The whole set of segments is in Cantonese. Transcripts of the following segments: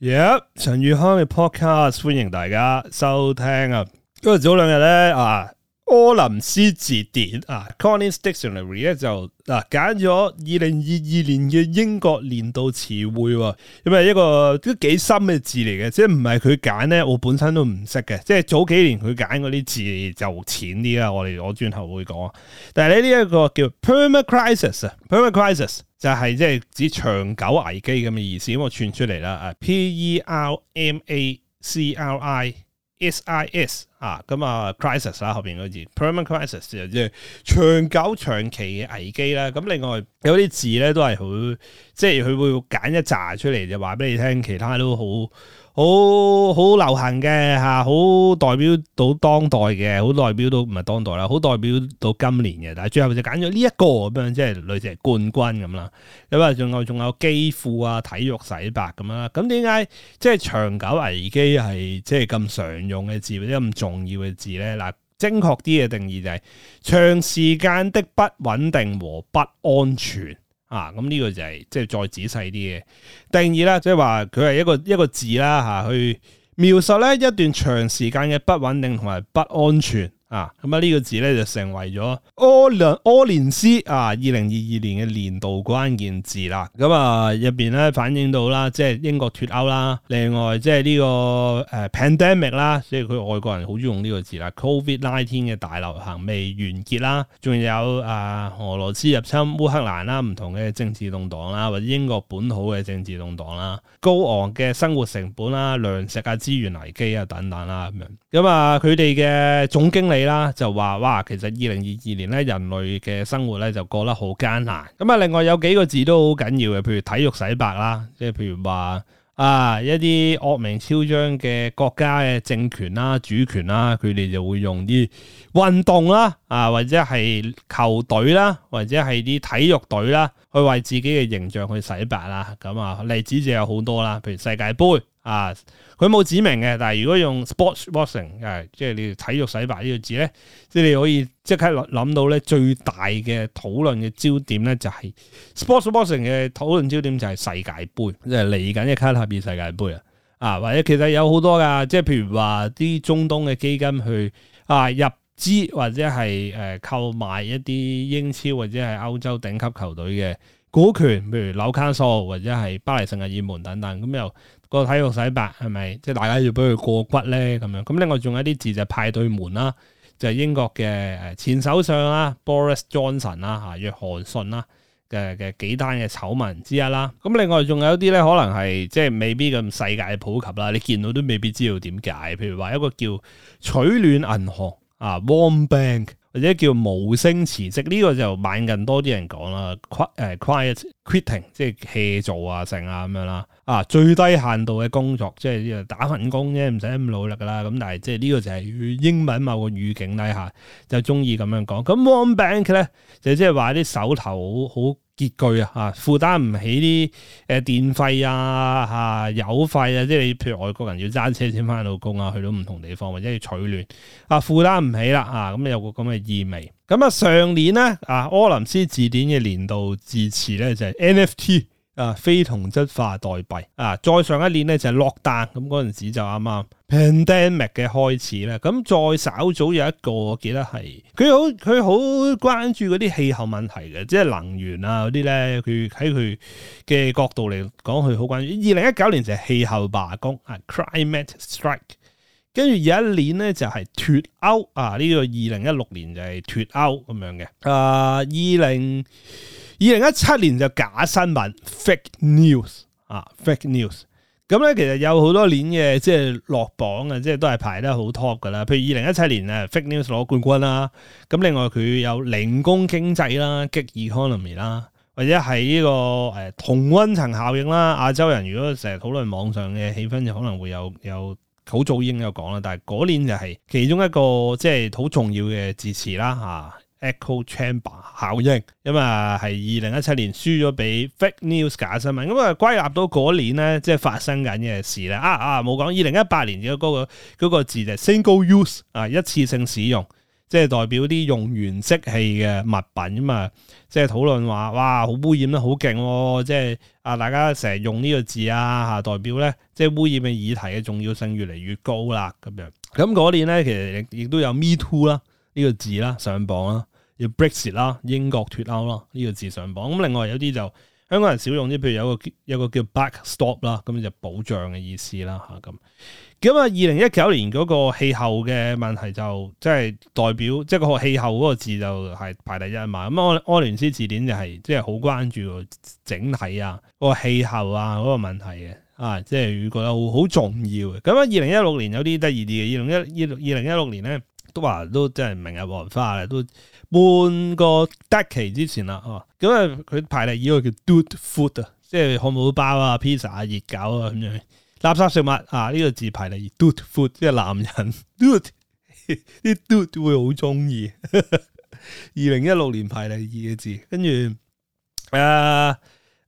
耶！陳宇、yeah, 康嘅 podcast，歡迎大家收聽啊！因為早兩日咧啊，柯林斯字典啊 Collins Dictionary 咧、啊、就嗱揀咗二零二二年嘅英國年度詞彙、啊，咁啊一個都幾深嘅字嚟嘅，即係唔係佢揀咧，我本身都唔識嘅，即係早幾年佢揀嗰啲字就淺啲啦。我哋我轉頭會講，但係咧呢一個叫 Permacrisis，Permacrisis。就係即係指長久危機咁嘅意思，咁我串出嚟啦，啊，permacrisis。啊，咁啊 crisis 啦，後邊嗰字 permanent crisis 即係長久長期嘅危機啦。咁另外有啲字咧都係佢，即係佢會揀一紮出嚟就話俾你聽，其他都好好好流行嘅吓，好代表到當代嘅，好代表到唔係當代啦，好代表到今年嘅。但係最後就揀咗呢一個咁樣，即係類似係冠軍咁啦。咁啊，仲有仲有基輔啊，體育洗白咁啦。咁點解即係長久危機係即係咁常用嘅字，咁重？重要嘅字咧，嗱，精確啲嘅定義就係長時間的不穩定和不安全啊！咁呢個就係即係再仔細啲嘅定義啦，即係話佢係一個一個字啦吓，啊，去描述咧一段長時間嘅不穩定同埋不安全。啊，咁啊呢個字咧就成為咗柯林斯啊，二零二二年嘅年度關鍵字啦。咁啊入邊咧反映到啦，即係英國脫歐啦，另外即係呢個誒、呃、Pandemic 啦，即係佢外國人好中意用呢個字啦，Covid nineteen 嘅大流行未完結啦，仲有啊俄羅斯入侵烏克蘭啦，唔同嘅政治動蕩啦，或者英國本土嘅政治動蕩啦，高昂嘅生活成本啦，糧食啊資源危機啊等等啦咁樣。咁啊佢哋嘅總經理。啦就話哇，其實二零二二年咧，人類嘅生活咧就過得好艱難。咁啊，另外有幾個字都好緊要嘅，譬如體育洗白啦，即係譬如話啊，一啲惡名昭彰嘅國家嘅政權啦、主權啦，佢哋就會用啲運動啦啊，或者係球隊啦，或者係啲體育隊啦。去為自己嘅形象去洗白啦，咁啊，例子就有好多啦，譬如世界盃啊，佢冇指明嘅，但係如果用 sports boxing、啊、即係你體育洗白呢個字咧，即係你可以即刻諗到咧最大嘅討論嘅焦點咧，就係 sports boxing 嘅討論焦點就係、是、世界盃，即係嚟緊嘅卡塔爾世界盃啊，啊或者其實有好多噶，即係譬如話啲中東嘅基金去啊入資，或者係誒購買一啲英超或者係歐洲頂級球隊嘅股權，譬如紐卡素或者係巴黎聖日耳門等等，咁又個體育洗白係咪？即係、就是、大家要俾佢過骨咧咁樣。咁另外仲有一啲字就派對門啦，就係、是、英國嘅前首相啦，Boris Johnson 啦，哈約翰遜啦嘅嘅幾單嘅醜聞之一啦。咁另外仲有一啲咧，可能係即係未必咁世界普及啦，你見到都未必知道點解。譬如話一個叫取暖銀行。啊，warm bank 或者叫無聲辭職呢個就慢更多啲人講啦，quiet 誒，quiet quitting 即係棄做啊成啊咁樣啦，啊最低限度嘅工作即係打份工啫，唔使咁努力噶啦，咁但係即係呢個就係英文某個語境底下就中意咁樣講，咁 warm bank 咧就即係話啲手頭好。拮據啊，吓負擔唔起啲誒電費啊，吓油費啊，即係你譬如外國人要揸車先翻到工啊，去到唔同地方或者要取暖啊，負擔唔起啦，吓咁有個咁嘅意味。咁啊上年呢，啊柯林斯字典嘅年度字詞呢，就係 NFT。啊，非同質化代幣啊，再上一年咧就係 lockdown，咁嗰陣時就啱啱 pandemic 嘅開始咧，咁再稍早有一個我記得係佢好佢好關注嗰啲氣候問題嘅，即係能源啊嗰啲咧，佢喺佢嘅角度嚟講，佢好關注。二零一九年就係氣候罷工啊，climate strike，跟住有一年咧就係、是、脱歐啊，呢、這個二零一六年就係脱歐咁樣嘅啊，二零。二零一七年就假新聞 fake news 啊 fake news，咁咧其實有好多年嘅即係落榜嘅，即係都係排得好 top 噶啦。譬如二零一七年誒 fake news 攞冠軍啦，咁另外佢有零工經濟啦，gig economy 啦，或者喺呢個誒同温層效應啦。亞洲人如果成日討論網上嘅氣氛，就可能會有有好早已經有講啦。但係嗰年就係其中一個即係好重要嘅字詞啦嚇。啊 Echo chamber 效應咁啊，係二零一七年輸咗俾 fake news 假新聞咁啊，咁歸納到嗰年咧，即係發生緊嘅事咧啊啊，冇講二零一八年嘅嗰個嗰個字就 single use 啊，一次性使用，即係代表啲用完即棄嘅物品咁啊，即係討論話哇，好污染啦，好勁喎，即係啊，大家成日用呢個字啊，代表咧即係污染嘅議題嘅重要性越嚟越高啦，咁樣咁嗰年咧，其實亦亦都有 me too 啦呢個字啦上榜啦。要 Brexit 啦，英國脫歐啦，呢、這個字上榜。咁另外有啲就香港人少用啲，譬如有個有個叫 backstop 啦，咁就保障嘅意思啦咁。咁啊，二零一九年嗰個氣候嘅問題就即係、就是、代表，即、就、係、是、個氣候嗰個字就係排第一啊嘛。咁《柯林斯字典、就是》就係即係好關注整體啊、那個氣候啊嗰個問題嘅啊，即、就、係、是、覺得好重要嘅。咁啊，二零一六年有啲得意啲嘅，二零一二二零一六年咧。都話都真係明日黃花啦，都半個 decade 之前啦，哦，咁啊佢排列二個叫 Dude Food 啊，即係漢堡包啊、pizza 啊、熱狗啊咁樣，垃圾食物啊呢、這個字排列 Dude Food，即係男人 Dude 啲 Dude 會好中意。二零一六年排列二嘅字，跟住誒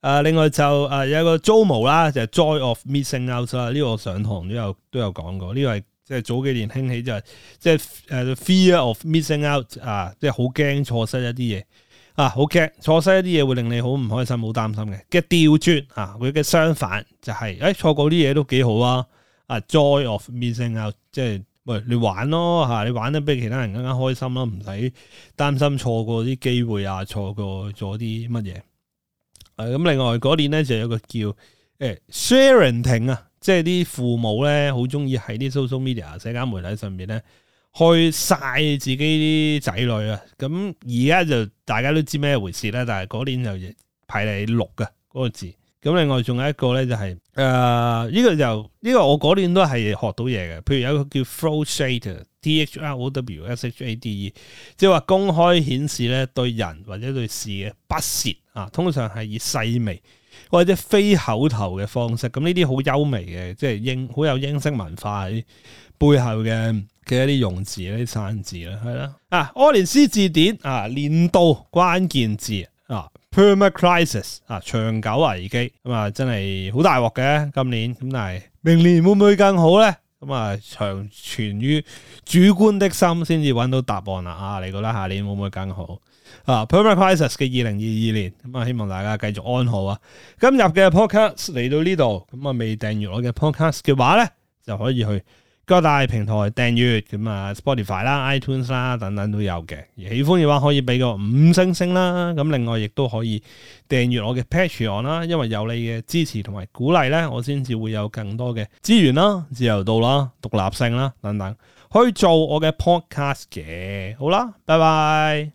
誒，另外就誒、呃、有一個 JOMO 啦，就係 joy of missing out 啦，呢個上堂都有都有講過，呢、這個。即係早幾年興起就是，即係誒，fear of missing out、uh, 啊，即係好驚錯失一啲嘢啊，好驚錯失一啲嘢會令你好唔開心、好擔心嘅。嘅掉轉啊，佢嘅相反就係、是，誒、哎，錯過啲嘢都幾好啊，啊、uh,，joy of missing out，即係喂、哎、你玩咯吓，你玩得比其他人更加開心咯、啊，唔使擔心錯過啲機會啊，錯過咗啲乜嘢。誒、啊，咁另外嗰年咧就有一個叫誒、uh, sharenting 啊。即係啲父母咧，好中意喺啲 social media 社交媒體上面咧，去晒自己啲仔女啊！咁而家就大家都知咩回事啦，但係嗰年就排第六嘅嗰個字。咁另外仲有一個咧，就係、是。誒呢、呃這個就呢、這個我嗰年都係學到嘢嘅，譬如有一個叫 f l、er, o w shade，d h r o w s h a d e，即係話公開顯示咧對人或者對事嘅不屑啊，通常係以細微或者非口頭嘅方式，咁呢啲好優美嘅，即、就、係、是、英好有英式文化喺背後嘅嘅一啲用字、一啲生字啦，係啦，啊柯林斯字典啊年度關鍵字。Permacrisis 啊，長久啊，已經咁啊、嗯，真係好大鑊嘅今年，咁但係明年會唔會更好咧？咁、嗯、啊，長存於主觀的心先至揾到答案啦。啊，你覺得下年會唔會更好啊？Permacrisis 嘅二零二二年，咁、嗯、啊，希望大家繼續安好啊。今日嘅 podcast 嚟到呢度，咁、嗯、啊，未訂閱我嘅 podcast 嘅話咧，就可以去。各大平台訂閱咁啊，Spotify 啦、iTunes 啦等等都有嘅。喜歡嘅話可以俾個五星星啦。咁另外亦都可以訂閱我嘅 Patreon 啦，因為有你嘅支持同埋鼓勵咧，我先至會有更多嘅資源啦、自由度啦、獨立性啦等等，去做我嘅 Podcast 嘅。好啦，拜拜。